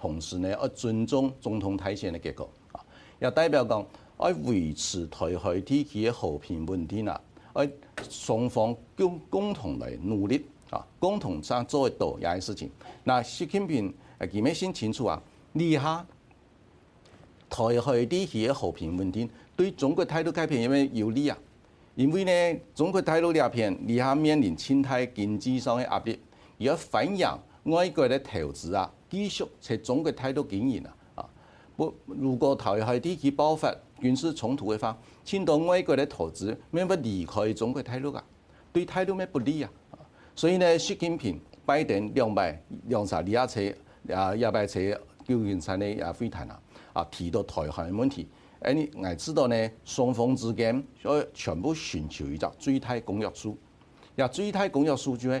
同時呢，我尊重總統大選的結果，啊，代表講要維持台海地區的和平穩定啊。我雙方共共同來努力，啊，共同上做一到樣的事情。那習近平係幾咩先清楚啊？你嚇台海地區嘅和平穩定對中國態度改變有咩有，有利啊？因為呢，中國態度改變，你嚇面臨經濟經濟上的壓力，而反樣。外國的投資啊繼續在中國大陸經營啊啊不如果台海地區爆發軍事衝突的話遷到外國的投資免不離開中國大陸啊對大陸沒不利啊所以呢習近平拜登兩百兩十二次啊亞洲交換產的啊會談啊啊提到台海問題誒你我知道呢雙方之間所以全部尋求一個最大公約數要最大公約數就呢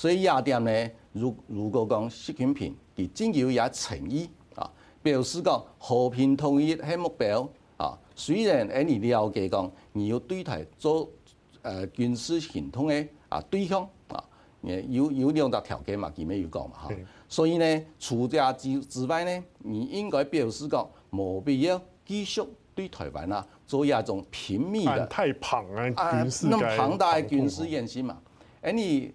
所以廿點呢，如如果講習近平，佢真要也誠意啊，表示講和平統一係目標啊。雖然喺你了解講你要對台做誒、啊、軍事行動咧，啊對象啊，誒要要兩大條件有嘛，佢咩要講嘛哈，所以呢，除這之之外呢，你應該表示講冇必要繼續對台灣啊做一種頻密的太、啊、龐啊，咁龐大嘅軍事演習嘛，誒你。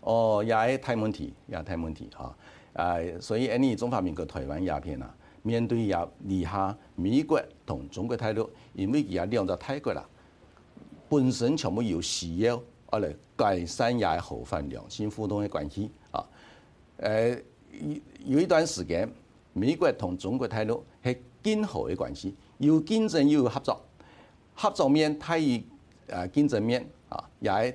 哦，也係大問題，也係大問題嚇，誒，所以 any 中華民國台灣鴉片啊，面對也以下美國同中國大陸，因為而家兩個泰國啦，本身全部有需要時要嚟改善也係好良性互動嘅關係。啊，誒，有一段時間，美國同中國大陸係堅好嘅關係，有競爭又有合作，合作面，太誒競爭面啊，也係。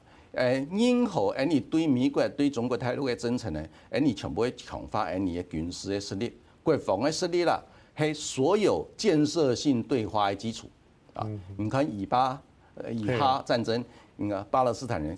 誒，任何 any 對美國對中國態度的真誠呢，any 全部會強化 any 的軍事的實力、國防的實力啦，是所有建設性對話的基礎啊。你看以巴以哈戰爭，你看的巴勒斯坦人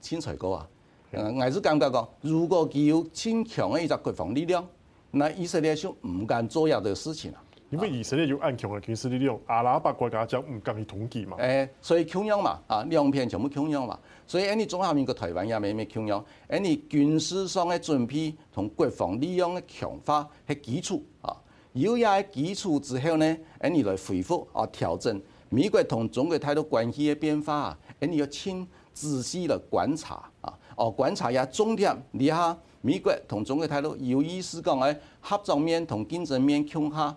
清採購啊。嗯，我是感覺講，如果具有很強的一個國防力量，那以色列就不敢做這個事情啦。因為以色列有強啊，軍事呢啲用阿拉伯國家就唔敢去統計嘛。所以強央嘛，啊，兩邊全部強央嘛。所以喺你中華民國台灣也咪咪強央。喺你軍事上的準備同國防力量的強化的基礎啊。有嘢嘅基礎之後咧，喺你來恢復啊調整美國同中國大陸關係的變化，喺你要請仔細嚟觀察啊。哦、啊，觀察一下重點。你看美國同中國大陸有意思講的合作面同競爭面強哈。